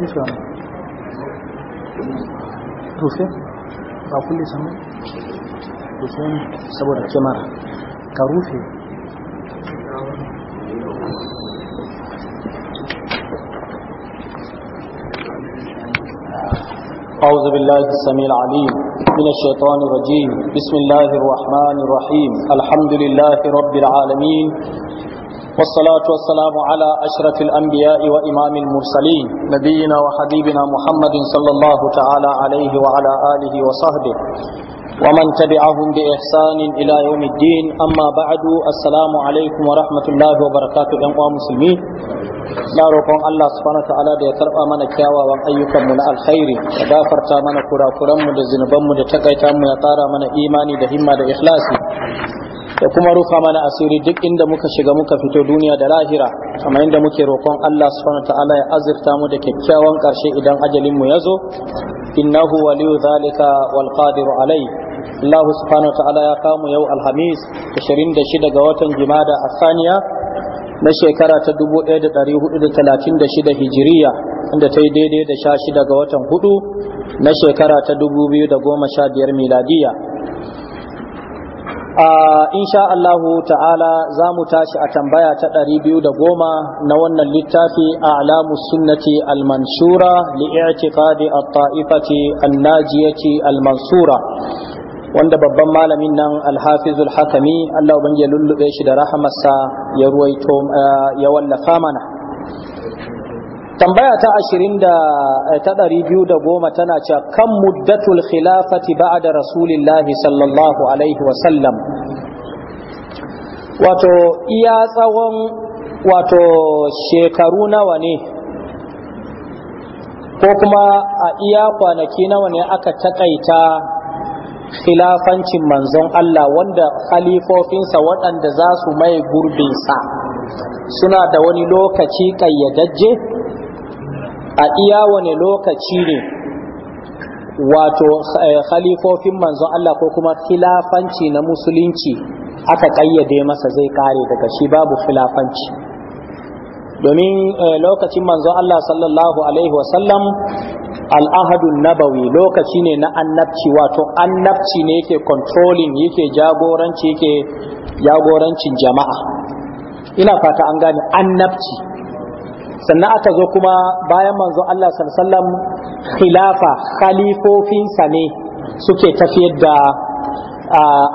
ليش يا روسيا أو كل سنة روسيا سبورة كمارة كروسيا أعوذ بالله السميع العليم من الشيطان الرجيم بسم الله الرحمن الرحيم الحمد لله رب العالمين والصلاة والسلام على أشرف الأنبياء وإمام المرسلين نبينا وحبيبنا محمد صلى الله تعالى عليه وعلى آله وصحبه ومن تبعهم بإحسان إلى يوم الدين أما بعد السلام عليكم ورحمة الله وبركاته أيها المسلمين لا رقم الله سبحانه وتعالى دي ترقى من كياوى وأيكم من الخير ودافرت من كرا كرم دزنبم دتقيت من يطار من إيماني دهما دإخلاصي da kuma rufa mana asiri duk inda muka shiga muka fito duniya da lahira kamar inda muke roƙon Allah subhanahu ta'ala ya azurta mu da kyakkyawan ƙarshe idan ajalin mu yazo innahu waliyu zalika wal qadiru alai Allah subhanahu ta'ala ya kamu yau alhamis 26 ga watan jimada asaniya na shekara ta 1436 hijiriya inda ta yi daidai da 16 ga watan hudu na shekara ta 2015 miladiya insha Allahu ta'ala za mu tashi a tambaya ta ɗari biyu da goma na wannan littafi a alamu sunnati almansura li'i'tiqadi at-ta'ifati an-najiyati al-mansura wanda babban malamin nan alhafizul hakami Allah ubangiji ya lullube shi da rahamarsa ya ruwaito ya wallafa mana tambaya ta ashirin da eh, ta ɗari biyu da goma tana cewa kan muddatul khilafati da rasulillahi sallallahu alaihi wasallam wato iya tsawon wato shekaru nawa ne ko kuma a iya kwanaki nawa ne aka taƙaita khilafancin manzon Allah wanda halifofinsa waɗanda za su mai gurbinsa suna da wani lokaci ƙayyadajje a iya wani lokaci ne wato eh, khalifofin manzon Allah ko kuma khilafanci na musulunci aka kayyade masa zai kare daga shi babu khilafanci domin eh, lokacin manzon Allah sallallahu alaihi wasallam al'ahadun nabawi lokaci ne na annabci wato annabci ne yake controlling yake jagoranci yake jagorancin jama'a ina fata an gane annabci sannan aka zo kuma bayan manzo Allah sallallahu khilafa khalifofinsa ne suke tafiyar da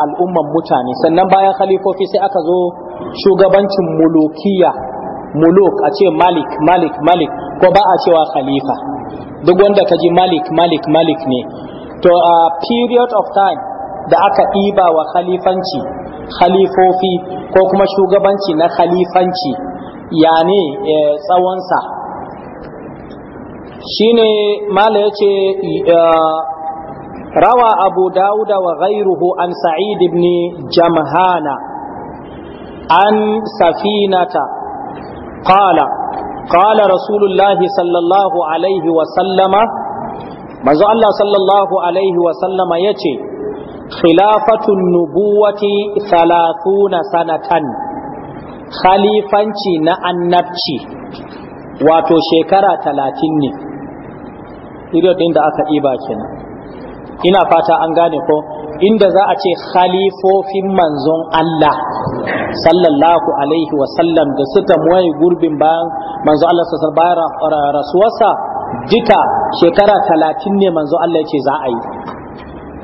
al'umman mutane sannan bayan khalifofi sai aka zo shugabancin mulukiya muluk a ce malik malik malik ko ba a cewa khalifa duk wanda ka ji malik malik malik ne to a period of time da aka ɗiba wa khalifanci khalifofi ko kuma shugabanci na khalifanci ya ne eh, tsawonsa shi ne mala ya ce eh, rawa abu dawuda wa ghairuhu an sa'id ibn jamhana an safinata qala qala rasulullahi sallallahu alaihi wa sallama manzo Allah sallallahu alaihi wa sallama yace khilafatu nubuwati 30 sanatan khalifanci na annabci wato shekara talatin ne period ɗin da aka ɗiba kenan ina fata an gane ko inda za a ce khalifofin manzon Allah sallallahu alaihi wasallam da suka muwai gurbin bayan manzon Allah sassar bayan rasuwarsa duka shekara talatin ne manzo Allah ya ce za a yi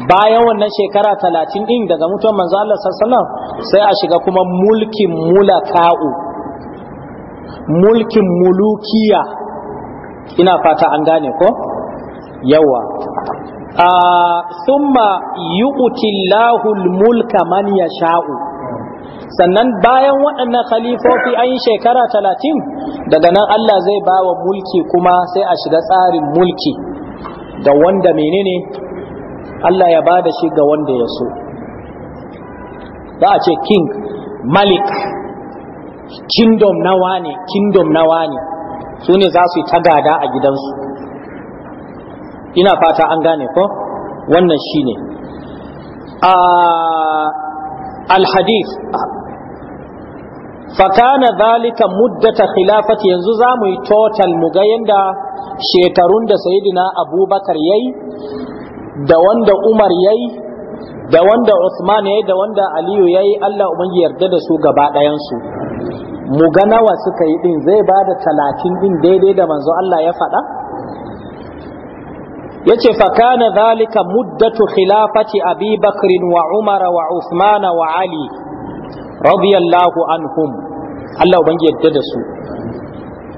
bayan wannan shekara talatin din daga mutuwar manzo Allah sallallahu sai a shiga kuma mulkin mulaka'u mulkin mulukiya ina fata an gane ko yawa a summa yu'tillahu al-mulka man yasha'u sannan bayan waɗannan khalifofi an yi shekara talatin daga nan Allah zai ba wa mulki kuma sai a shiga tsarin mulki da wanda menene Allah ya bada shi ga wanda ya so za a ce king malik kingdom na wane kingdom na wane su ne za su yi tagada a gidansu ina fata an gane ko wannan shi ne alhadis fakana zalika muddata khilafati yanzu za mu yi total mu ga shekarun da sayidina abubakar ya yi da wanda Umar ya yi, da wanda Usman ya yi, da wanda Aliyu ya yi, Allah ubangi yarda da su gaba ɗayansu. mu ga nawa suka yi din zai bada talatin din daidai da manzo Allah ya faɗa yace fa kana zalika muddatu khilafati Abi Bakr wa Umar wa Usman wa Ali radiyallahu anhum Allah ubangi yarda da su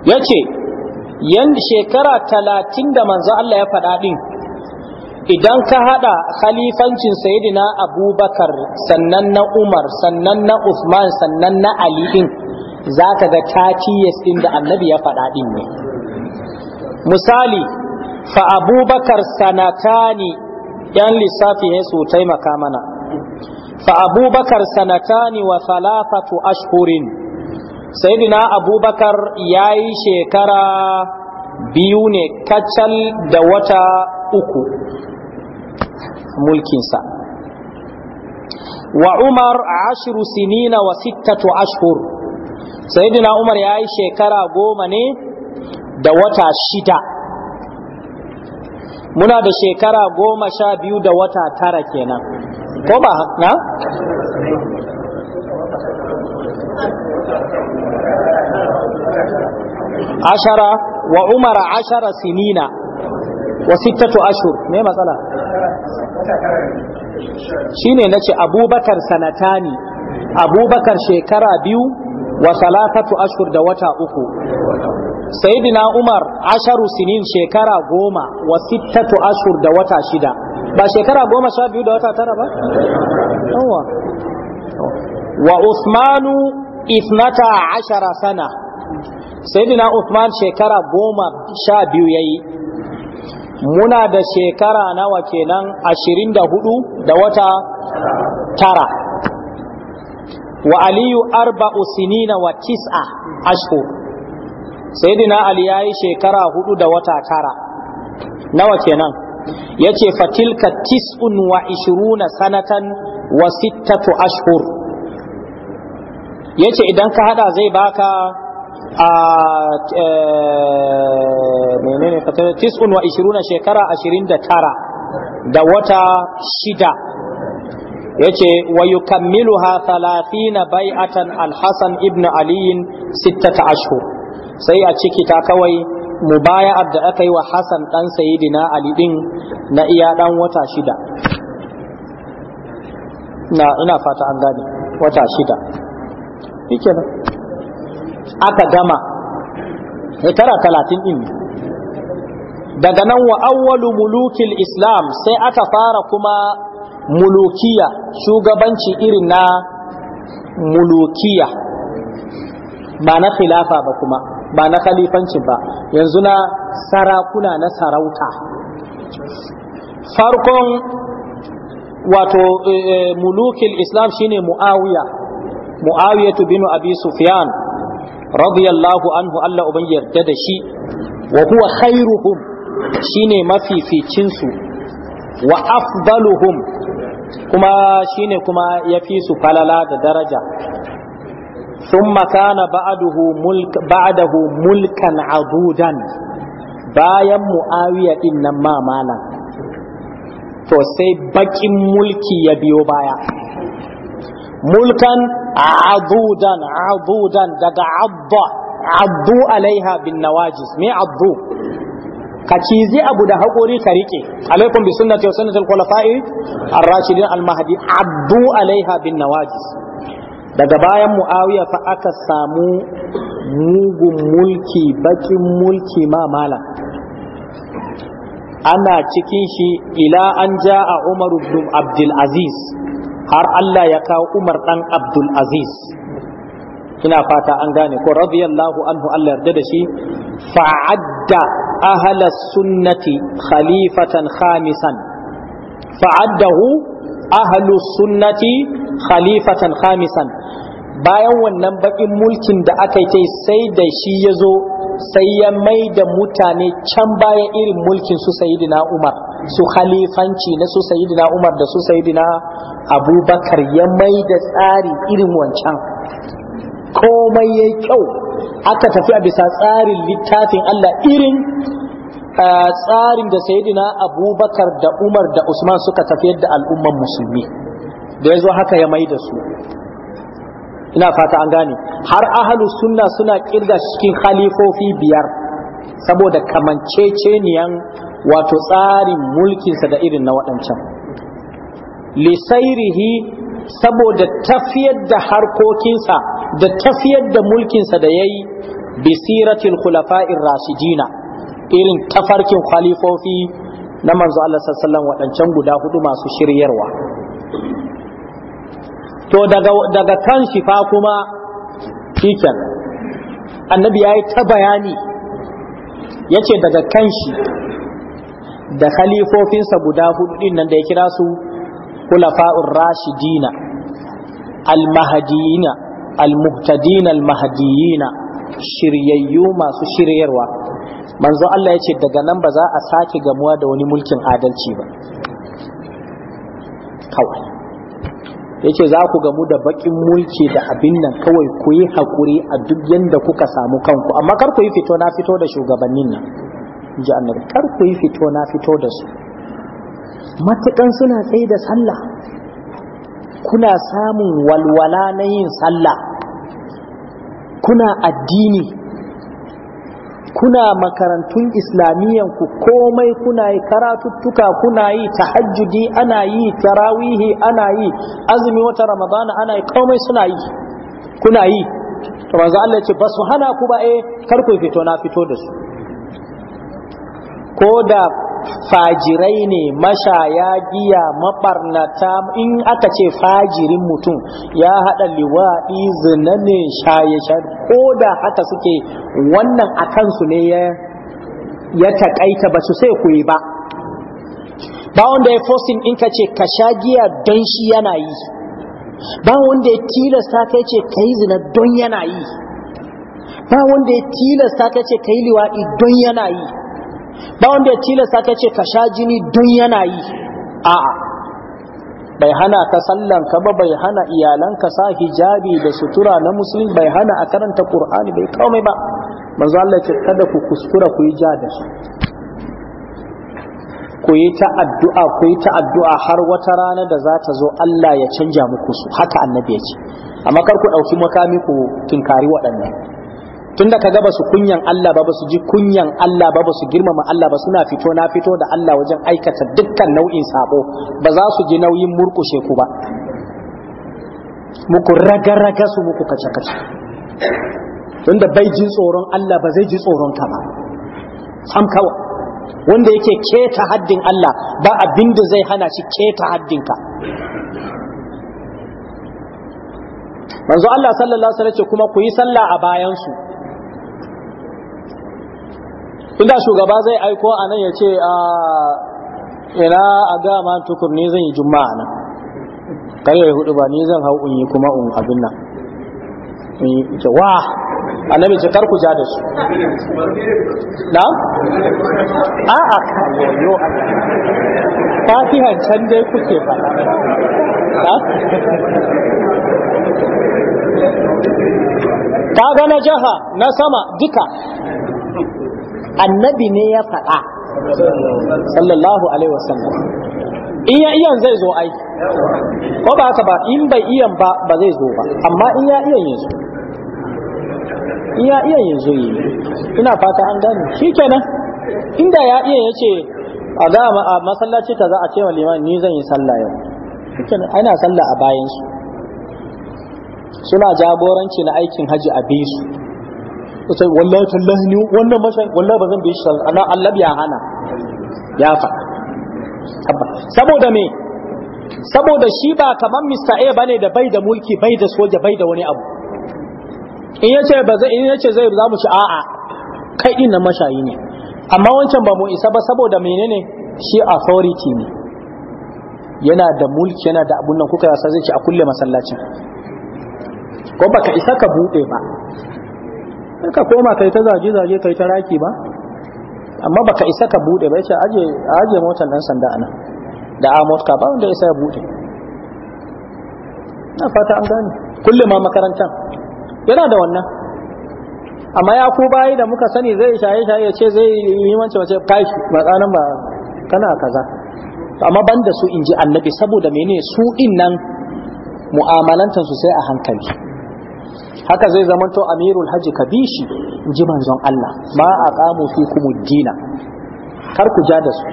Ya ce yan shekara talatin da manzo Allah ya faɗa din idan ka hada khalifancin Sayyidina abubakar sannan na umar sannan na usman sannan na ali din za ga tatiyas din da annabi ya faɗa din ne misali fa abubakar sanatani yan lissafi ne su taimaka mana fa abubakar sanatani wa salafatu ashhurin Sayyidina abubakar ya yi shekara biyu ne kacal da wata uku mulkinsa wa umar ashiru sinina wa sittatu ashhur sayyidina umar ya yi shekara goma ne da wata shida muna da shekara goma sha biyu da wata tara kenan ko ba na? ashara wa umara ashara sinina wa sittatu ashur me matsala Shi ne na ce, abubakar sanatani abubakar shekara biyu wa salatatu ashur da wata uku sayyidina umar asharu sinin shekara goma wa sittatu ashur da wata shida ba shekara goma sha biyu da wata tara ba yawa wa usmanu ithnata ashara sana sayyidina usman shekara goma sha biyu yayi muna da shekara nawa kenan ashirin da hudu da wata tara wa aliyu arba'u sinina wa tis'a ashhur sayyidina ali yayi shekara hudu da wata tara nawa kenan yace fatilka tis'un wa ishiruna sanatan wa sittatu ashhur yace idan ka hada zai baka a menene shekara 29 da tara da wata shida ya ce wa yukammiluha a bai'atan alhassan ibn aliyin 6 ashhur sai a ciki ta kawai mu baya da aka yi wa hassan dan sayi ali alidin na iya dan wata shida na ina fata an gani wata shida shikenan aka gama tara talatin ɗin daga nan wa awwalu mulukil islam sai aka fara kuma mulukiya shugabanci irin na mulukiya ba na khilafa ba kuma ba na khalifanci ba yanzu na sarakuna na sarauta farkon wato eh, eh, mulukil islam shine muawiya muawiyatu binu abi sufyan radiyallahu anhu Allah uban yarda da shi wa huwa khairuhum shine mafificin su wa afdaluhum kuma shine kuma yafi su falala da daraja thumma kana ba'dahu mulk ba'dahu mulkan adudan bayan muawiya din nan ma malam to sai bakin mulki ya biyo baya mulkan abudan abudan daga abba abu alaiha bin nawajis me abu ka cizi abu da haƙori ka riƙe alaikum bi sunnati wa sunnatul khulafa'i al rashidin al-mahdi abu alaiha bin nawajis daga bayan muawiya fa aka samu mugun mulki bakin mulki ma malam ana cikin shi ila an ja'a umar ibn abdul aziz har Allah ya kawo Umar dan Abdul Aziz ina fata an gane ko radiyallahu anhu Allah yarda da shi fa'adda ahla sunnati khalifatan khamisan fa'addahu ahlu sunnati khalifatan khamisan bayan wannan bakin mulkin da aka yi sai da shi ya zo sai ya mai da mutane can baya irin mulkin su Sayyidina Umar su khalifanci na su sayidina umar da su sayidina abubakar ya mai da tsari irin wancan komai ya kyau aka tafi a bisa tsarin littafin allah irin tsarin da sayidina abubakar da umar da usman suka tafiyar da al'umman musulmi da ya zo haka ya mai da su ina fata an gane har ahalus sunna suna kirga cikin khalifofi biyar saboda kamanceceniyan wato tsarin mulkinsa da irin na waɗancan lisairihi saboda tafiyar da harkokinsa da tafiyar da mulkinsa da ya yi bisiratil khulafa'ir rashidina irin tafarkin khalifofi na manzo Allah sallallahu waɗancan guda hudu masu shiryarwa to daga daga kan shi fa kuma shiken annabi yayi ta bayani yace daga kan shi da khalifofinsa guda hudu din nan da ya kira su khulafa'ur rashidina al-mahdiyina al-muhtadina al-mahdiyina shiryayyu masu shiryarwa manzo Allah ya daga nan ba za a sake gamuwa da wani mulkin adalci ba kawai yace za ku gamu da bakin mulki da abin nan kawai ku yi hakuri a duk yanda kuka samu kanku amma kar ku yi fito na fito da shugabannin nan ji karku kar kuyi yi fito na fito da su matukan suna tsaye da sallah kuna samun walwala na yin sallah kuna addini kuna makarantun islamiyyan ku komai kuna yi karatuttuka kuna yi tahajjudi ana yi tarawihi ana yi azumi wata ramadana ana yi komai suna yi kuna yi to manzo Allah ya ce basu hana ku ba eh kar ku fito na fito da su ko da fajirai ne mashaya giya mabarnata in aka ce fajirin mutum ya haɗa liwaɗi zina ne shaye ko da haka suke wannan a kansu ne ya taƙaita ba su sai ku yi ba ba wanda ya fosin in ka ce ka sha giya don shi yana yi ba wanda ya tilasta ka ce ka yi zina don yana yi ba wanda ya tilasta ka ce ka yi liwaɗi don yana yi ba wanda ya tilasta ka ce ka sha jini dun yana yi a'a bai hana ka sallan ka ba bai hana iyalanka sa hijabi da sutura na musulmi bai hana a karanta qur'ani bai komai ba manzo Allah ce kada ku kuskura ku yi ja su ku yi ta addu'a ku yi ta addu'a har wata rana da za ta zo Allah ya canja muku su haka annabi ya ce amma kar ku dauki makami ku kinkari waɗannan Tun da kaga ba su kunyan Allah ba ba su ji kunyan Allah ba ba su girmama Allah ba suna fito na fito da Allah wajen aikata dukkan nau'in sabo ba za su ji nauyin murkushe ku ba muku raga-raga su muku kace-kace Tun da bai jin tsoron Allah ba zai ji tsoron ka ba sam kawa wanda yake keta haddin Allah ba abin da zai hana shi keta haddin ka manzo Allah sallallahu alaihi wasallam ce kuma ku yi sallah a bayan su inda shugaba zai aiko a nan ya ce a ina a gama tukur ni zan yi juma'a nan kare ya hudu ba ni zan hau in yi kuma un abin nan in yi ce wa annabi ce kar ku ja da su na a a kayoyo fatihan can dai kuke ba na ka ga na jaha na sama duka annabi ne ya faɗa sallallahu alaihi wasallam in ya iyan zai zo ai ko ba haka ba in bai iyan ba ba zai zo ba amma in ya iyan yanzu in ya iyan zo yi ina fata an gane shikenan inda ya iyan yace a ga masallaci ta za a ce wa liman ni zan yi sallah yau shikenan ana sallah a bayan su suna jagoranci na aikin haji a bisu wallahi tallahi ne wannan mashan wallahi ba zan bi shi ana Allah ya hana ya faɗa saboda me saboda shi ba kaman Mr. A bane da bai da mulki bai da soja bai da wani abu in yace ba zai in yace zai za mu shi a'a kai din na mashayi ne amma wancan ba mu isa ba saboda menene shi authority ne yana da mulki yana da abun nan kuka rasa zai ci a kulle masallacin ko baka isa ka bude ba sai ka koma kai ta zaje zaje kai ta raki ba amma baka isa ka bude ba yace aje aje motar nan sanda ana da a ka ba wanda isa ya bude na fata an gane kulle ma makarantar. yana da wannan amma ya ku bayi da muka sani zai shaye shaye ya ce zai yi wancan wace kai matsanan ba kana kaza amma banda su inji annabi saboda menene su din nan mu'amalantansu sai a hankali haka zai zamanto amirul hajji ka bi shi in ji manzon Allah Ba a kamu fi kumuddina kar ku ja da su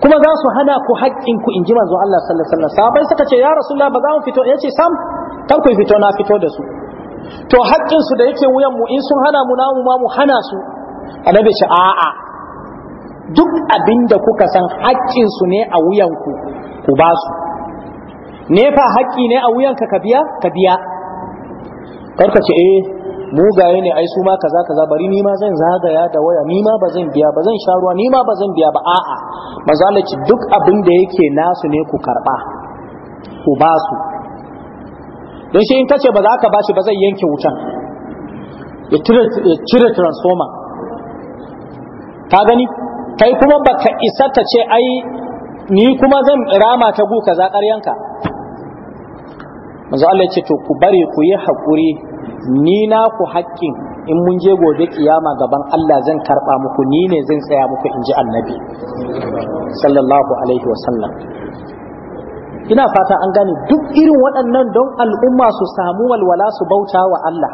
kuma za su hana ku haƙƙin ku in ji manzon Allah sallallahu alaihi wasallam sabai suka ce ya rasulullah ba za mu fito yace sam kar ku fito na fito da su to haƙƙin su da yake wuyan mu in sun hana mu namu ma mu hana su annabi ce a'a duk abinda kuka san haƙƙin su ne a wuyan ku ku ba su ne fa haƙƙi ne a wuyan ka ka biya ka biya karka ce eh mugaye ne ai su ma kaza kaza bari ni ma zan zagaya da waya ni ma bazan biya bazan sha ruwa ni ma bazan biya ba a'a mazalaci duk abin da yake nasu ne ku karba ku ba su don shi in kace ba za ka shi ba zai yanke wutan ya cire transformer ka gani kai kuma baka isa ta ce ai ni kuma zan rama ta gu kaza ƙaryanka manzo Allah ce to ku bari ku yi hakuri ni na ku hakkin in mun je gobe kiyama gaban Allah zan karba muku ni ne zan tsaya muku in ji annabi sallallahu alaihi wa sallam. ina fata an gane duk irin waɗannan don al'umma su samu walwala su bauta wa Allah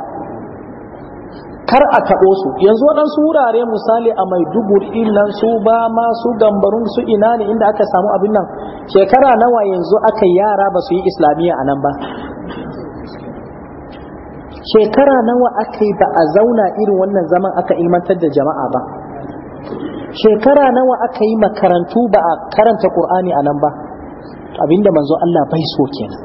kar a taɓo su yanzu waɗansu wurare misali a maiduguri nan su ba ma su gambarun su ina ne inda aka samu abin nan shekara nawa yanzu aka yara ba su yi islamiyya a nan ba shekara nawa aka yi ba a zauna irin wannan zaman aka ilmantar da jama'a ba shekara nawa aka yi makarantu ba a karanta qur'ani a nan ba abinda manzo Allah bai so kenan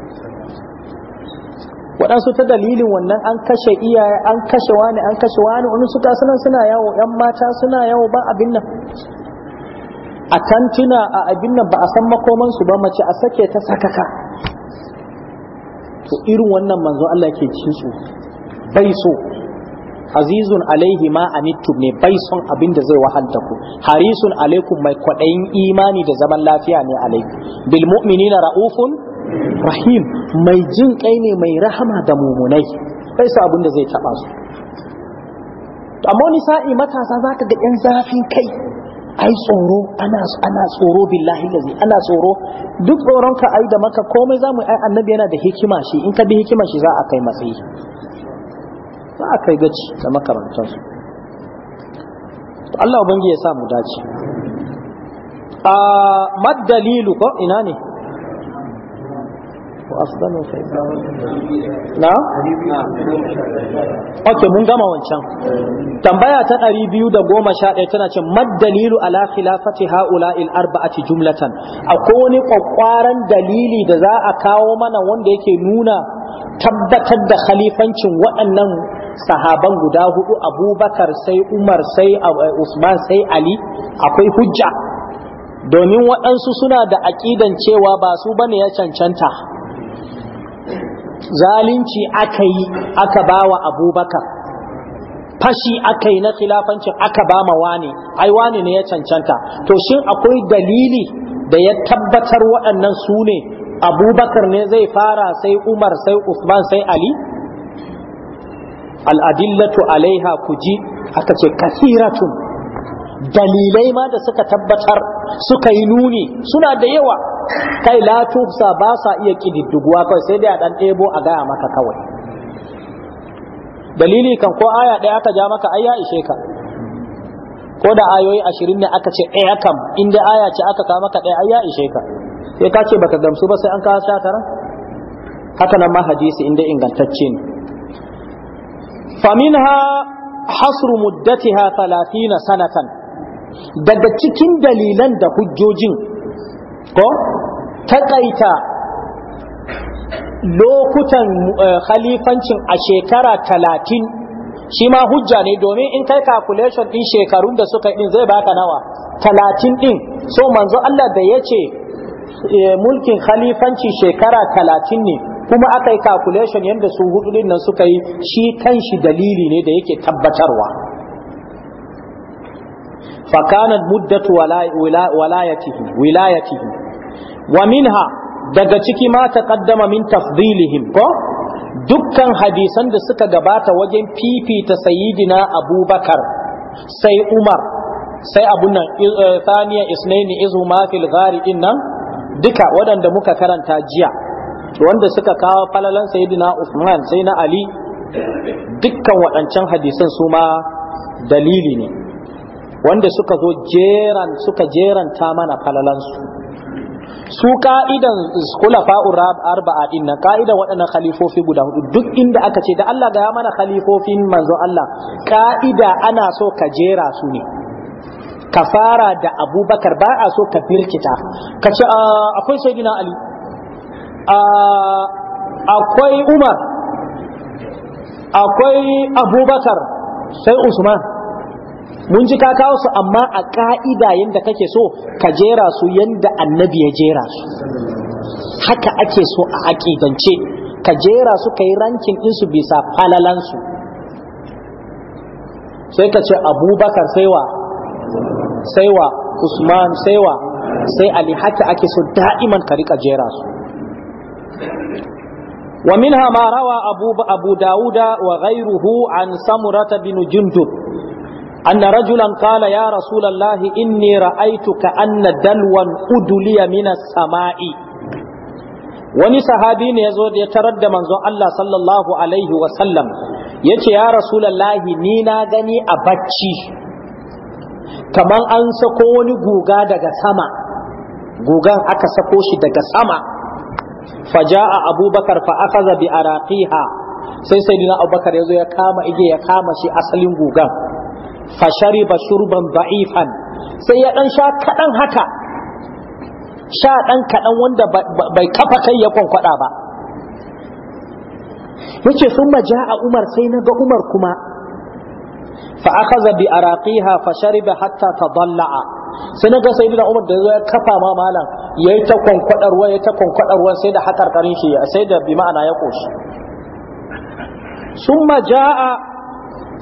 waɗansu ta dalilin wannan an kashe iyaye an kashe wani an kashe wani wani suka nan suna yawo yan mata suna yawo ba abin nan a tantuna a abin nan ba a san makomansu ba mace a sake ta sakaka to irin wannan manzo Allah ke cin su baiso azizun alaihi ma anittum ne baison abin da zai wahalta ku harisun alaikum mai kwaɗayin imani da zaman lafiya ne alaikum bil mu'minina ra'ufun rahim mai jin kai ne mai rahama da mumunai bai abin da zai taba su amma wani sa'i matasa zaka ga yan zafin kai ai tsoro ana ana tsoro billahi lazi ana tsoro duk tsoron ka ai da maka komai zamu ai annabi yana da hikima shi in ka bi hikima shi za a kai matsayi za a kai gaci da makarantarsu to Allah ubangi ya sa mu dace a maddalilu ko ina ne ko asdanu na okay mun gama wancan tambaya ta 211 tana ce maddalilu ala khilafati haula'il arba'ati jumlatan akwai wani kwakwaran dalili da za a kawo mana wanda yake nuna tabbatar da khalifancin waɗannan sahaban guda hudu abubakar sai umar sai uh, usman sai ali akwai hujja domin waɗansu suna da aƙidan cewa ba su bane ya cancanta zalunci aka yi aka ba wa abubakar fashi aka yi na khilafancin aka ba ma wane ai wane ne ya cancanta to shin akwai dalili da ya tabbatar waɗannan su ne abubakar ne zai fara sai umar sai usman sai ali al'adillatu alaiha ku ji aka ce kasiratun dalilai ma da suka tabbatar suka yi nuni suna da yawa kai latufsa ba sa iya ƙididdiguwa kawai sai dai a ɗan ɗebo a gaya maka kawai dalili kan ko aya ɗaya aka ja maka ayya ishe ka ko da ayoyi ashirin ne aka ce ɗaya eh, kam inda aya ce aka kawo maka ɗaya ayya ishe ka sai ka ce baka gamsu ba sai an kawo sha tara haka nan ma hadisi inda ingantacce ne فمنها hasru muddatiha 30 sanatan daga cikin dalilan da hujjojin ko takaita lokutan khalifancin a shekara talatin, shi ma hujja ne domin in kai calculation ɗin shekarun da suka din zai baka nawa 30 din so manzo Allah da yace mulkin khalifanci shekara talatin ne kuma aka yi calculation yadda su hudu din nan suka yi shi kanshi dalili ne da yake tabbatarwa fakanat muddatu wilayatihi wa minha daga ciki ma taqaddama min tafdilihim ko dukkan hadisan da suka gabata wajen fifita sayyidina abubakar sai umar sai abun nan eh, thaniya isnaini izuma fil ghari din nan duka waɗanda muka karanta jiya wanda suka kawo falalan sayyidina Usman sai na Ali dukkan waɗancan hadisan su ma dalili ne wanda suka zo jeran suka jeranta mana falalansu su ka'idan urab arba'a din nan ka'idan waɗannan khalifofi guda hudu duk inda aka ce da Allah ga mana khalifofin manzo Allah ka'ida ana so ka jera su ne ka fara da Abubakar ba a so ka birkita ka ce ah, akwai sayyidina Ali akwai umar akwai abubakar sai usman mun ji ka kawo su amma a ka'ida yadda kake so ka jera su yadda annabi ya jera su haka ake so a aƙidance ka jera su ka yi rankin insu bisa falalansu sai ka ce abubakar saiwa saiwa usman saiwa sai ali haka ake so da'iman ka rika jera su ومنها ما روى أبو, أبو داود وغيره عن سمرة بن جندب أن رجلا قال يا رسول الله إني رأيت كأن دلوا أدلي من السماء wani sahabi ne ya zo da ya tarar da manzon Allah sallallahu alaihi wasallam ya ce ya rasulallahi ni na gani a bacci kamar an sako wani guga daga sama gugan aka sako shi daga sama faja'a abubakar fa akhadha bi araqiha sai sayyidina abubakar yazo ya kama ige ya kama shi asalin gugan fa shariba shurban da'ifan sai ya dan sha kadan haka sha dan kadan wanda bai kafa kai ya kwankwada ba yace summa ja'a umar sai naga umar kuma fa akhadha bi araqiha fa shariba hatta tadalla'a sai na ga sayyidina Umar da ya kafa ma malam yayi ta kwankwadarwa yayi ta kwankwadarwa sai da karin shi sai da bi ma'ana ya koshi summa jaa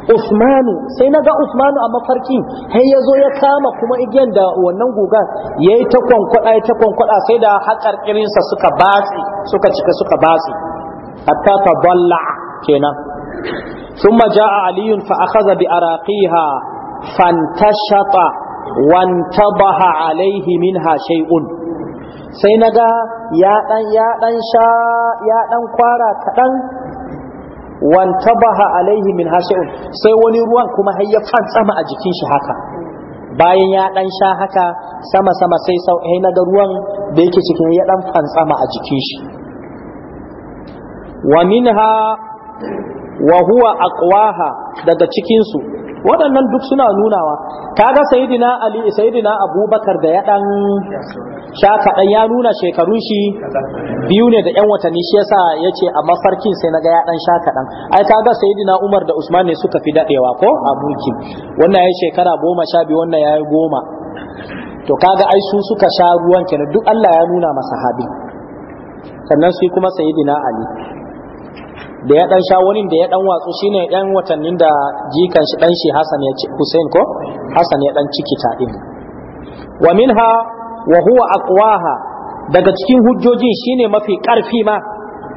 Usmanu sai na ga Usmanu a mafarki har ya zo ya kama kuma igiyan da wannan gugan ya yi ta kwankwada ya ta kwankwada sai da sa suka batsi suka cika suka batsi hatta ta balla kenan ثم جاء علي فأخذ بأراقيها fantashata wantabaha alaihi minha shay'un sai naga ya dan ya dan sha ya dan kwara kadan wantabaha alaihi minha shay'un sai wani ruwan kuma har ya fantsama a jikin shi haka bayan ya dan sha haka sama sama sai sau na naga ruwan da yake cikin ya dan fantsama a jikin shi wa minha wa huwa aqwaha daga cikin su waɗannan duk suna nunawa kaga sayyidina ali sayyidina abubakar da ya ɗan sha kaɗan ya nuna shekarun shi biyu ne da yan watanni shi yasa yace a mafarkin sai naga ya dan sha kaɗan ai kaga sayyidina umar da usman ne suka fi daɗewa ko abuki wannan yayi shekara goma sha biyu wannan yayi goma to kaga ai su suka sha ruwan kenan duk Allah ya nuna masa sahabi sannan sai kuma sayyidina ali da ya dan sha wani da ya dan watsu shine yan watannin da jikan shi dan shi Hassan ya ci Hussein ko Hassan ya dan ciki ta din wa minha wa huwa aqwaha daga cikin hujjojin shine mafi karfi ma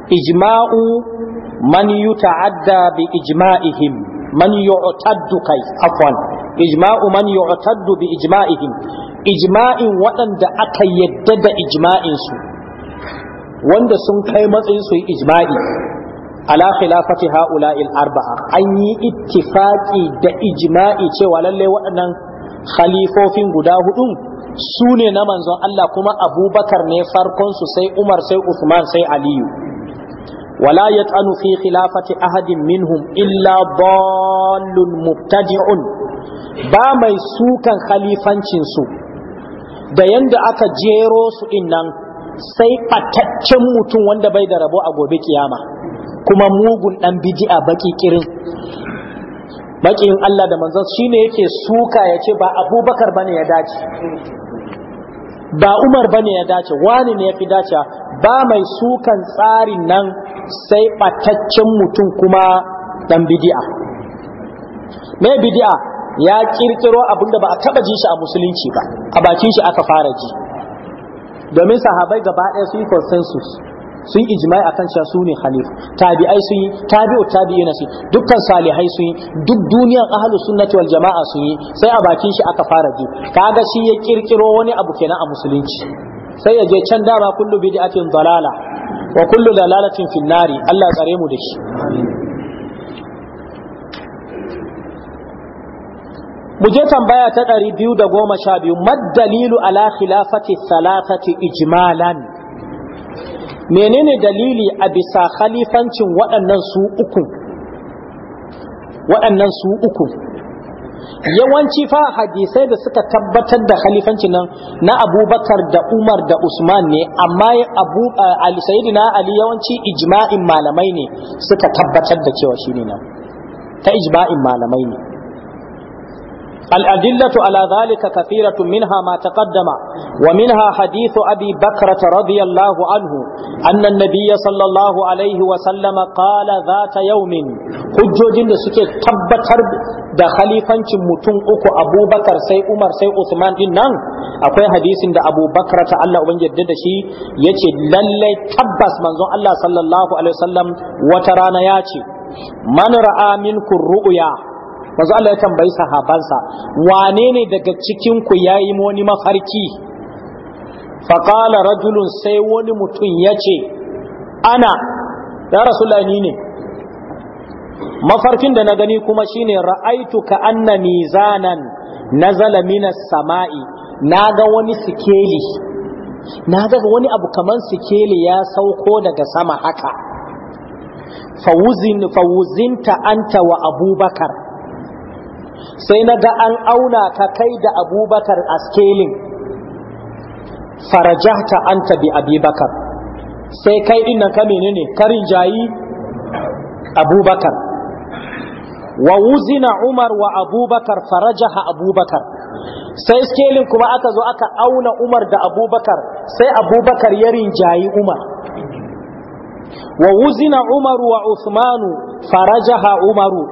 ijma'u man yuta'adda bi ijma'ihim man yu'taddu kai afwan ijma'u man yu'taddu bi ijma'ihim ijma'in waɗanda aka yadda da ijma'in su wanda sun kai matsayin su yi ijma'i ala khilafati ha'ula'il arba'a an yi ittifaqi da ijma'i cewa lalle waɗannan khalifofin guda hudun su ne na manzon Allah kuma abubakar ne farkon su sai Umar sai Usman sai Aliyu wala yat'anu fi khilafati ahadin minhum illa dallun mubtadi'un ba mai sukan khalifancin su da yanda aka jero su innan sai fataccen mutum wanda bai da rabo a gobe kiyama kuma mugun dan bidi'a baki kirin bakin Allah da manzon shine yake suka yace ba Abubakar bane ya dace ba Umar bane ya dace wani ne yafi dace ba mai sukan tsarin nan sai bataccen mutum kuma dan bid'a Mai bid'a ya kirkiro abinda ba a taba jin shi a musulunci ba a bakin shi aka fara ji domin sahabai gaba ɗaya su yi consensus sun ijma'i akan cewa su ne khalifa tabi'ai sun yi tabi'u tabi'ina sun dukkan salihai sun yi duk duniyan ahlus sunnati wal jama'a sun yi sai a bakin shi aka fara ji kaga shi ya kirkiro wani abu kenan a musulunci sai ya je can dama kullu bid'atin dalala wa kullu dalalatin fin nari Allah tsare mu da shi mu je tambaya ta 212 mad dalilu ala khilafati thalathati ijmalan menene dalili a bisa khalifancin waɗannan su uku waɗannan su uku yawanci fa hadisai da suka tabbatar da khalifancin nan na abubakar da umar da usman ne amma abu eh, ali sayyidina ali yawanci ijma'in malamai ne suka tabbatar da cewa ne nan ta ijma'in malamai ne الأدلة على ذلك كثيرة منها ما تقدم ومنها حديث أبي بكرة رضي الله عنه أن النبي صلى الله عليه وسلم قال ذات يوم حجوجين سكي تبتر da khalifancin mutum uku abubakar sai umar sai usman din nan akwai hadisin da abubakar ta Allah uban yadda da shi yace lallai tabbas manzon Allah sallallahu alaihi wasallam wata rana ya ce man ra'a ru'ya manzo Allah ya tambayi sahabansa wane ne daga cikin ku yayi wani mafarki faqala rajulun sai wani mutum ya ce. ana ya rasu ni ne mafarkin da na gani kuma shine ra'aitu ka anna mizanan nazala minas sama'i naga wani sikeli naga wani abu kaman sikeli ya sauko daga sama haka fawuzinta anta wa abubakar sai na ga an auna ka kai da abubakar a skelin farajahta an tabi abubakar sai kai din nan ka menene karin jayi abubakar wa wuzina umar wa abubakar farajaha abubakar sai skelin kuma aka zo aka auna umar da abubakar sai abubakar ya rinjayi umar wa wuzina umaru wa usmanu farajaha umaru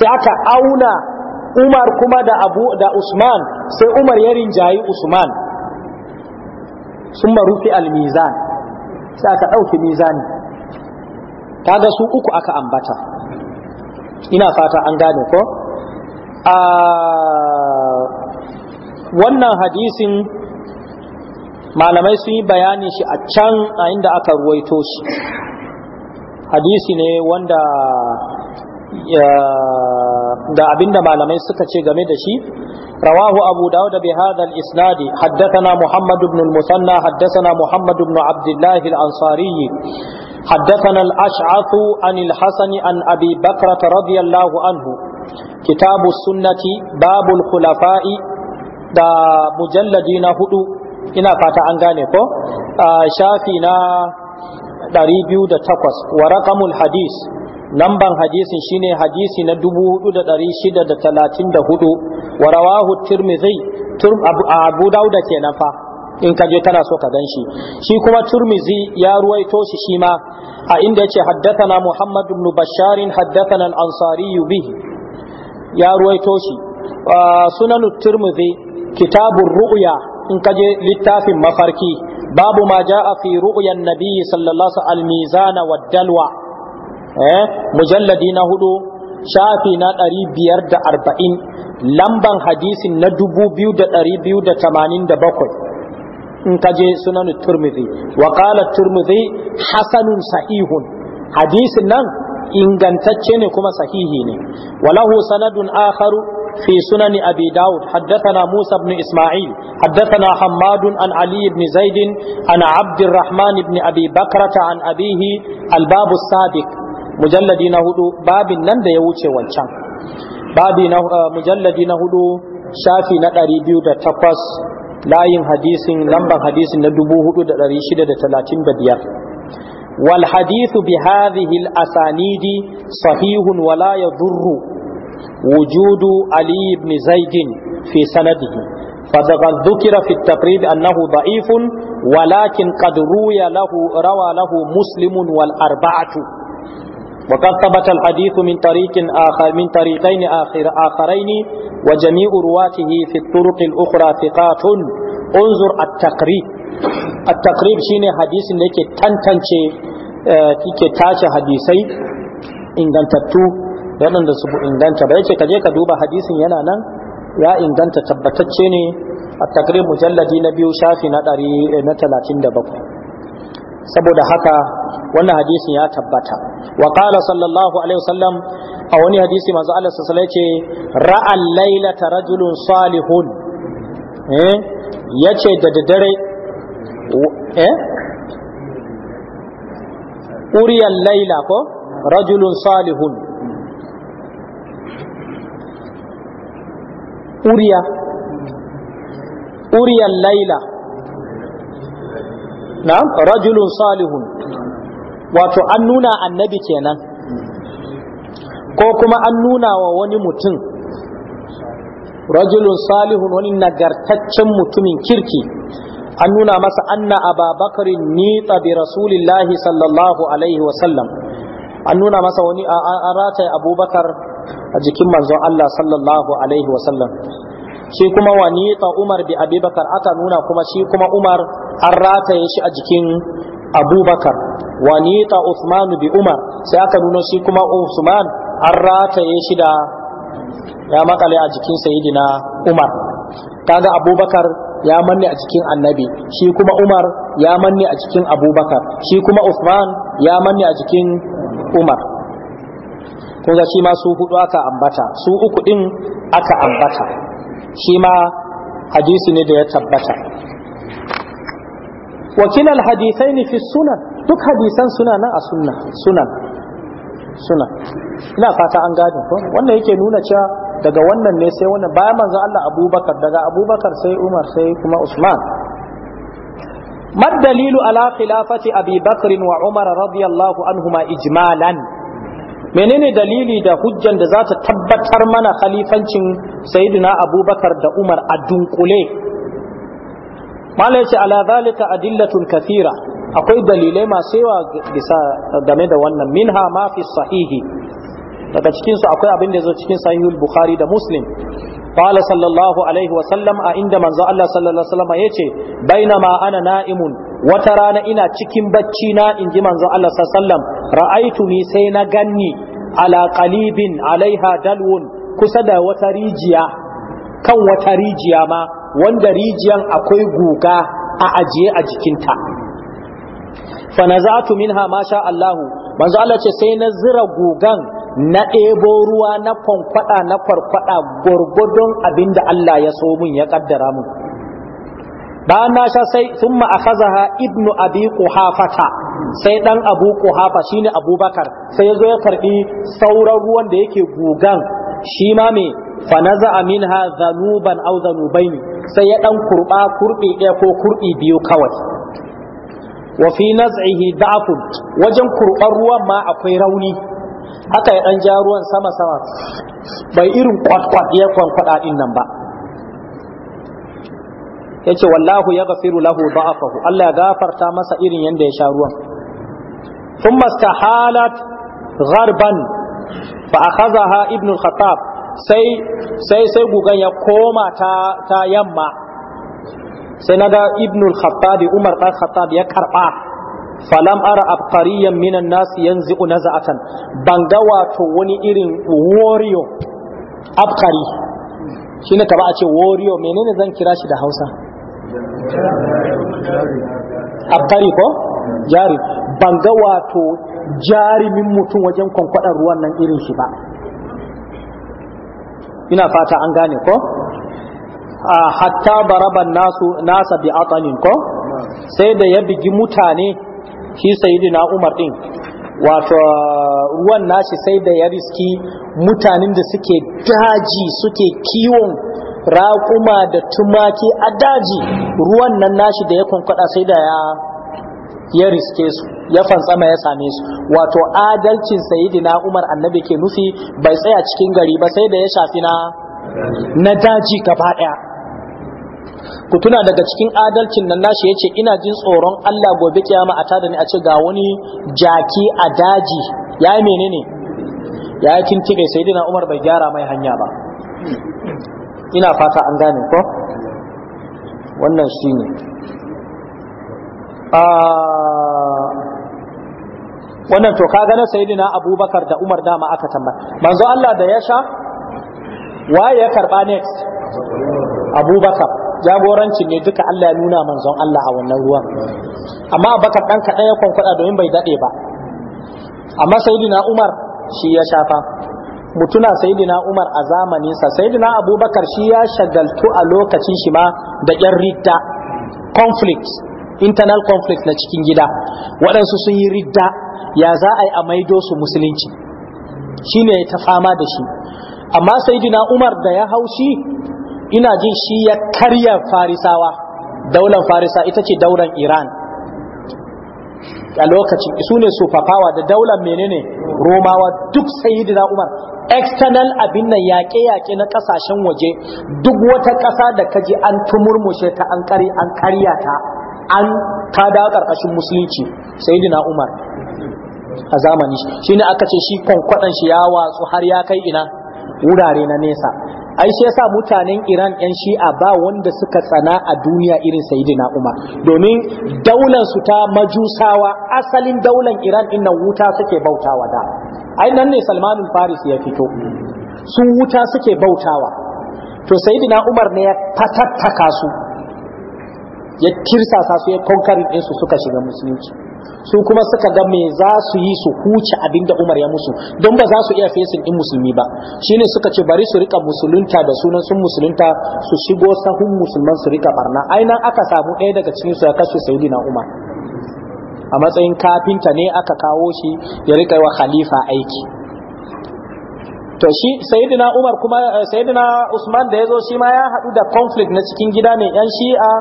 sai aka auna Umar kuma da Abu da Usman sai Umar ya rinjayi Usman summa rufi al-mizan sai aka dauki mizani kaga su uku aka ambata ina fata an gane ko a wannan hadisin malamai sun yi bayani shi a can a inda aka ruwaito shi hadisi ne wanda da abinda malamai suka ce game da shi rawahu abu dawud bi hadha al isnad haddathana muhammad ibn al musanna haddathana muhammad ibn abdullah al ansari حدثنا الأشعث عن الحسن عن أبي بكرة رضي الله عنه كتاب السنة باب الخلفاء دا مجلدين هدو إنا فاتا أنغانيكو آه شافي na 208 wa raqamul hadis lamban hadisin shine hadisi na 4634 wa rawahu tirmidhi abu dauda kenan fa in ka je kana so ka gan shi kuma turmizi ya ruwaito shi shi a inda yace haddathana muhammad ibn bashar haddathana Ansariyu bi. bihi ya ruwaito shi sunan turmizi kitabur ru'uya in ka je littafin mafarki babu ma jaa fi ru'yan nabiyyi sallallahu alaihi al-mizana wad-dalwa Eh, mujalladi na hudu shafi na ɗari biyar da arba'in lamban hadisin na dubu biyu da ɗari biyu da tamanin da bakwai in ka je sunan turmizi wa qala turmizi hasanun sahihun hadisin nan ingantacce ne kuma sahihi ne walahu sanadun akharu fi sunani abi dawud haddathana musa ibn isma'il haddathana hammad an ali ibn zaid an abd الرحمن ibn abi bakrata an abihi al babu mujalladi na hudu babin nan da ya wuce wancan eh, mujalladi na hudu shafi na ɗari biyu da takwas layin hadisin lambar hadisin na dubu hudu da ɗari shida da talatin da biyar wal hadithu bi hadhihi al asanidi sahihun wala la yadhurru wujudu ali ibn zaid fi sanadihi faqad dhukira fi at-taqrib annahu da'ifun walakin qad ruya rawa lahu muslimun wal arba'atu وقد ثبت الحديث من طريق آخر من طريقين آخر آخرين وجميع رواته في الطرق الأخرى ثقات انظر التقريب التقريب شين حديث لكي تنتنشي تيكي تاشي حديثي إن تتو waɗanda su inganta ba yake kaje ka duba hadisin yana nan ya inganta tabbatacce ne a takrir mujalladi na biyu shafi na 137 saboda haka wannan hadisin ya tabbata wa qala sallallahu alaihi wasallam a wani hadisi manzo Allah sallallahu alaihi ce ra'al lailata rajulun salihun eh yace da dare, eh uriyal laila ko rajulun salihun uriya uriyal laila na rajulun salihun wato an nuna annabi kenan ko kuma an nuna wa wani mutum rajulun salihun wani nagartaccen mutumin kirki an nuna masa anna ababakarin nitsa bi rasulillahi sallallahu alaihi wasallam an nuna masa wani an rataye abubakar a jikin manzon Allah sallallahu alaihi wasallam shi kuma wa wanita umar bi abubakar aka nuna kuma shi kuma umar an rataye shi a jikin abubakar Wani nita Uthman bi Umar sai aka nuna shi kuma Uthman an rataye shi da ya makale a jikin Sayyidina Umar kaga Abubakar ya manne a jikin Annabi shi kuma Umar ya manne a jikin Abubakar shi kuma Uthman ya manne a jikin Umar Ko ga shi ma su hudu aka ambata su uku din aka ambata shi ma hadisi ne da ya tabbata وكلا الحديثين في السنن duk hadisan suna nan a sunna suna suna ina fata an gane ko wannan yake nuna cewa daga wannan ne sai wannan bayan manzon Allah Abubakar daga Abubakar sai Umar sai kuma Usman mad dalilu ala khilafati Abi Bakr wa Umar radiyallahu anhuma ijmalan menene dalili da hujjan da za ta tabbatar mana khalifancin sayyidina Abubakar da Umar a dunkule malai ce ala zalika adillatun kathira akwai dalilai masu yawa bisa game da wannan minha ma fi sahihi daga cikin su akwai abin da zo cikin sahihul bukhari da muslim qala sallallahu alaihi wa sallam a inda manzo Allah sallallahu alaihi wa sallam yace bainama ana na'imun wata rana ina cikin bacci na inji manzo Allah sallallahu alaihi wa sallam ra'aituni sai na ganni ala qalibin alaiha dalwun kusa da wata rijiya kan wata rijiya ma wanda rijiyan akwai guga a ajiye a jikinta fa nazatu minha ma sha Allahu manzo Allah ce sai na zira gugan na ɗebo ruwa na kwankwada na kwarkwada gurgudun abinda Allah ya so mun ya kaddara mun bayan na sha sai thumma akhazaha ibnu abi quhafata sai dan abu quhafa shine abubakar sai yazo ya karbi sauran ruwan da yake gugan shi ma me fa naza minha dhanuban aw dhanubaini sai ya dan kurba kurbi ɗaya ko kurbi biyu kawai wa fi naz'ihi da'afun wajen kurban ruwan ma akwai rauni haka ya dan ja ruwan sama sama bai irin kwatkwat ya kwankwada din nan ba yace wallahu ya gafiru lahu da'afahu Allah ya gafarta masa irin yanda ya sha ruwan thumma stahalat gharban fa akhadhaha ibn al-khattab sai sai sai gugan ya koma ta yamma sai na ga ibnul khattabi umar ɗan khattab ya karɓa falam ara abqariyan minan nasi yanzu naza'atan ban ga wato wani irin warrior abqari shine ka ba a ce warrior menene zan kira shi da Hausa abqari ko jari ban ga wato jarimin mutum wajen kwankwadar ruwan nan irin shi ba ina fata an gane ko hatta baraban nasu nasa bi atanin ko sai da ya bigi mutane shi sayyidina Umar din wato ruwan nashi sai da ya riski mutanen da suke daji suke kiwon raƙuma da tumaki a daji ruwan nan nashi da ya kwankwada sai da ya ya riske su ya fantsama ya same su wato adalcin sayyidina Umar annabi ke nufi bai tsaya cikin gari ba sai da ya shafi na na daji gaba ɗaya ku tuna daga cikin adalcin nan nashi ya ce ina jin tsoron Allah gobe kiyama a tada ni a ce ga wani jaki a daji ya yi menene ya yi tintibe sai dina Umar bai gyara mai hanya ba ina fata an gane ko wannan shi ne ah, wannan to ka ga na sayidina abubakar da umar dama aka tambaya manzo Allah da ya sha waye ya karba next abubakar jagorancin ne duka Allah ya nuna manzon Allah a wannan ruwan amma abubakar dan kaɗan ya kwankwada domin bai daɗe ba amma sayyidina umar shi ya shafa mutuna sayyidina umar a zamaninsa sayyidina abubakar shi ya shagaltu a lokacin shi ma da yan ridda conflict internal conflict na cikin gida waɗansu sun yi ridda ya za a yi a maido su musulunci shi ne ya ta fama da shi amma sayyidina umar da ya haushi ina jin shi ya karya farisawa daular farisa ita ce daular iran a lokacin su ne sufafawa da daular menene romawa duk sayyidina umar external abin nan yaƙe-yaƙe na ƙasashen waje duk wata ƙasa da kaji an tumurmushe ta an karya ta an ta dawo ƙarƙashin musulunci sayyidina umar a zamani shi ne aka ce shi kwankwaɗan shi ya watsu har ya kai ina wurare na nesa ai shi yasa mutanen Iran yan Shi'a ba wanda suka tsana a duniya irin Sayyidina Umar domin daular su ta majusawa asalin daular Iran din nan wuta suke bautawa da ai nan ne Salman al-Faris ya fito su wuta suke bautawa to Sayyidina Umar ne ya fatattaka su ya kirsasa su ya konkarin su suka shiga musulunci su kuma suka ga me za su yi su huce abinda Umar ya musu don ba za su iya fesin in musulmi ba shine suka ce bari su rika musulunta da sunan sun musulunta su shigo sahun musulman su rika barna ainan aka samu ɗaya daga cikin su ya kashe Sayyidina Umar a matsayin kafinta ne aka kawo shi ya rika wa khalifa aiki to shi sayyidina Umar kuma eh, sayyidina Usman da yazo shi ma ya hadu da conflict na cikin gida ne yan Shi'a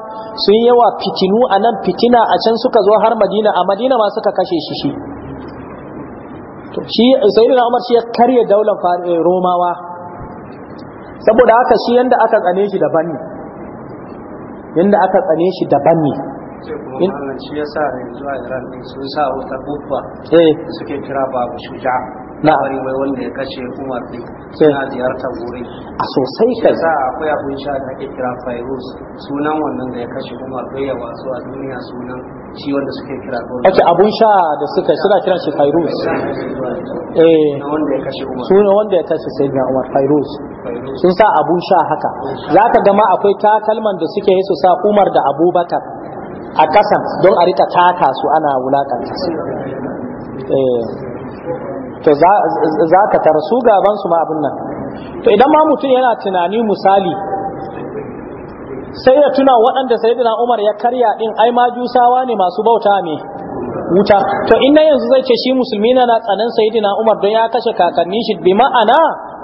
sun yawa fitinu a nan fitina a can suka zo har Madina a Madina ma suka kashe shi shi to shi sayyidina Umar shi ya karye daular eh, Romawa saboda haka shi yanda aka tsane shi daban ne yanda aka tsane shi daban ne in shi yasa yanzu a Iran sun sa wata eh suke kira babu Shuja. Na labari mai wanda ya kashe umar ne sai na ziyartar wuri a sosai ka sa akwai abin sha da ake kira virus sunan wannan da ya kashe umar bai ya wasu a duniya sunan shi wanda suke kira virus ake abun sha da suka suna kiran shi virus eh sunan wanda ya kashe sai na umar virus sun sa abun sha haka zaka ga ma akwai takalman da suke yi su sa umar da abubakar a kasan don a rika taka su ana wulakanta su to za ka tara su gaban su ma abin nan to idan ma mutum yana tunani misali sai ya tuna waɗanda dina Umar ya karya ɗin ai majusawa ne masu bauta ne wuta to inna yanzu zai ce shi musulmi na na tsanan dina Umar don ya kashe kakannin shi bi ma'ana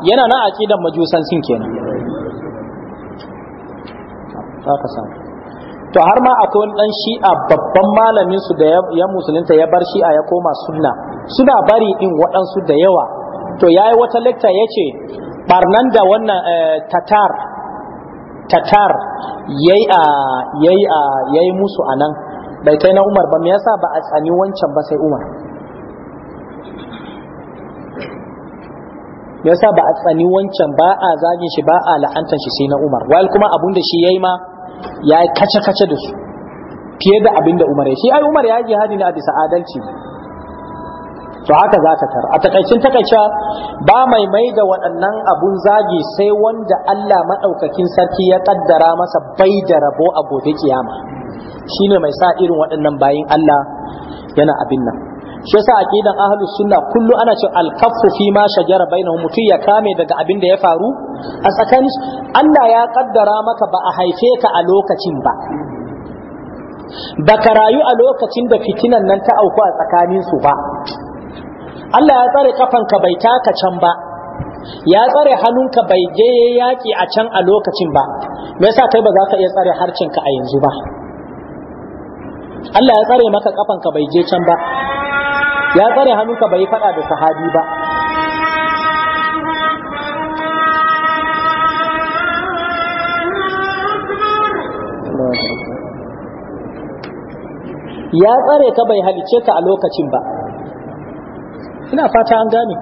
yana na aqidan majusan sin kenan ka samu to har ma akwai wani dan shi'a babban malamin su da ya musulunta ya bar shi'a ya koma sunna suna bari in waɗansu da yawa to ya yi wata ya yace barnan da wannan eh, tatar tatar yayi a yayi a yayi bai kai na Umar ba me yasa ba a tsani wancan ba sai Umar me yasa ba a tsani wancan ba a zagin shi ba a la'antar shi sai na Umar wal kuma abun da shi yayi ma ya yi kace-kace da su fiye da abin da umar ya shi ai umar ya yi jihadi ne a bisa adalci to haka za ka tara, a takaicin takaica ba mai mai da waɗannan abun zagi sai wanda Allah maɗaukakin sarki ya ƙaddara masa bai da rabo a gobe kiyama shine mai sa irin waɗannan bayin Allah yana abin nan shi yasa aqidan ahlus sunna kullu ana cewa al-kaffu fi ma shajara bainahum mutum ya kame daga abin da ya faru a tsakanin Allah ya kaddara maka ba a haife ka a lokacin ba baka rayu a lokacin da fitinan nan ta auku a tsakanin su ba Allah ya tsare kafanka bai taka can ba ya tsare hannunka bai je yaki a can a lokacin ba me yasa kai ba za ka iya tsare harcinka a yanzu ba Allah ya tsare maka kafanka bai je can ba ya tsare hannunka bai faɗa da sahabi ba ya tsare ka bai halice ka a lokacin ba ina fata an gane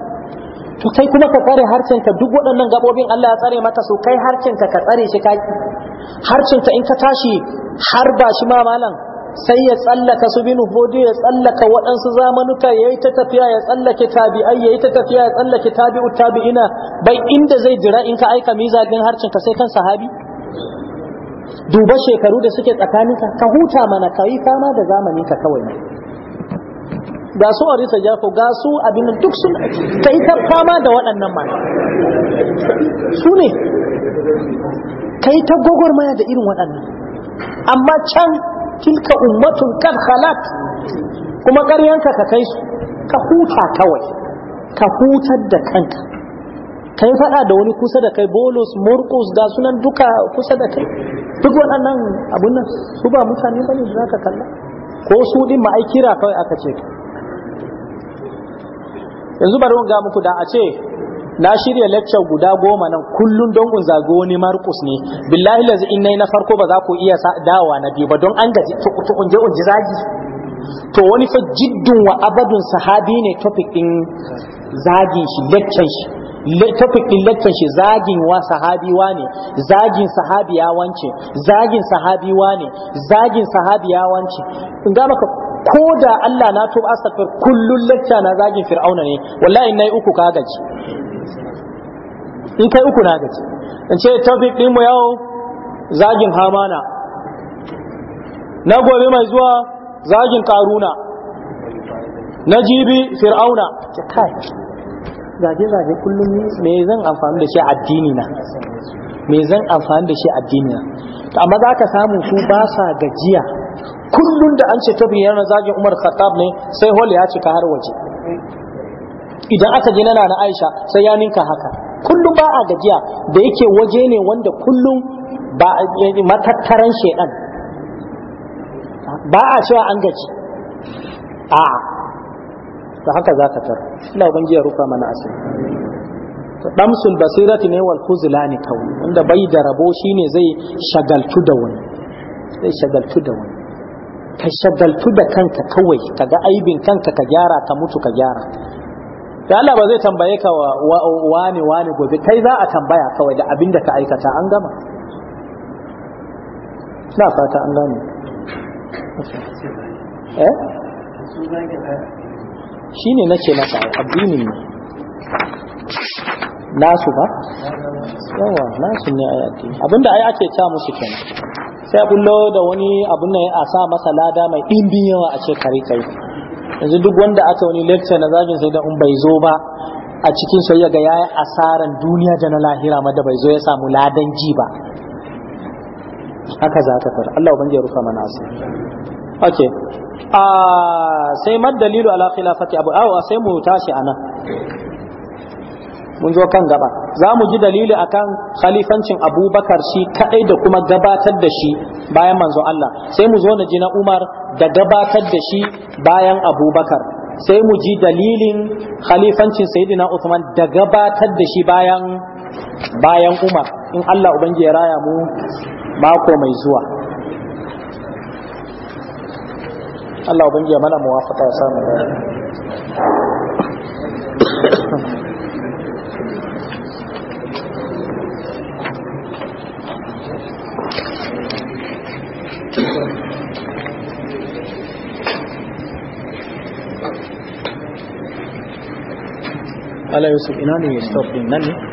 to kai kuma ka tsare harcenka duk waɗannan gabobin Allah ya tsare maka su kai harcenka ka tsare shi ka harcenka in ka tashi har ba shi ma malam sai ya tsallaka su bin hudu ya tsallaka waɗansu zamanuka ya yi ta tafiya ya tsallake tabi'ai ya yi ta tafiya ya tsallake tabi'u tabi'ina bai inda zai jira in ka aika mizagin harcin ka sai kan sahabi duba shekaru da suke tsakaninka ka huta mana ka yi fama da zamanin ka kawai ne ga su a risa jafo ga su abin duk sun ka yi ta fama da waɗannan ma su ne ka yi ta gwagwarmaya da irin waɗannan amma can tilka ummatun kan khalat kuma ƙaryanka ka kai su ka huta kawai ka hutar da kanka ka yi fada da wani kusa da kai bolus murkus ga sunan duka kusa da kai duk waɗannan abunan nan su ba mutane ba ne za zaka kalla ko su ɗin ma'aikira kawai aka ce yanzu bari ga muku da a ce na shirya lecture guda goma nan kullun don kun zago wani Markus ne billahi lazi in nayi na farko ba za ku iya dawa na biyu ba don an gaji tukun je unji zagi to wani fa jiddun wa abadun sahabi ne topic din zagin shi lecture shi topic din lecture shi zagin wa sahabi ne zagin sahabi ya wance zagin sahabi ne zagin ya wance in ga maka ko da Allah na tuba astaghfir kullun lacca na zagin fir'auna ne wallahi nai uku ka gaji in kai uku na gaji in ce topic din mu yau zagin hamana na gobe mai zuwa zagin karuna na jibi fir'auna kai zage zage kullun me zan amfani da shi addini na me zan amfani da shi addini na amma za ka samu su ba sa gajiya kullun da an ce tofi yana zagin Umar Khattab ne sai hol ya cika har waje idan aka ji nana na Aisha sai ya ninka haka kullum ba a gajiya da yake waje ne wanda kullum ba eh, matattaran shedan ba a cewa an gaji a ta haka za ka tara ina ubangiji ya rufa mana asiri damsul basirati ne wal ne kawai wanda bai da rabo shine zai shagaltu da wani zai shagaltu da wani ka shagaltu da kanka kawai ka ga aibin kanka ka gyara ka mutu ka gyara da Allah ba zai tambaye ka wani wani gobe kai za a tambaya kawai da abin da ka aikata an gama na fata an gama eh shine nace masa ne. nasu ba yawa nasu ne ayati abinda ai ake ta musu kenan sai bullo da wani abun nan a sa masa lada mai ɗimbin yawa a ce kare kai yanzu duk wanda aka wani lecture na zagin sai da in bai zo ba a cikin sai ga yayi asaran duniya da na lahira ma da bai zo ya samu ladan ji ba haka za ka fara Allah ubangiji ya rufa mana asiri okay a ah, sai madalilu dalilu ala khilafati abu aw sai mu tashi anan mun zo kan gaba za mu ji dalili akan khalifancin abubakar shi kadai da kuma gabatar da shi bayan manzo Allah sai mu zo na ji na umar da gabatar da shi bayan abubakar sai mu ji dalilin khalifancin sayyidina Uthman da gabatar da shi bayan bayan umar in Allah ubangi ya raya mu mako mai zuwa Allah ubangi ya mana muwafaqa ya samu ala yusuf ina ne ya stop din nan ne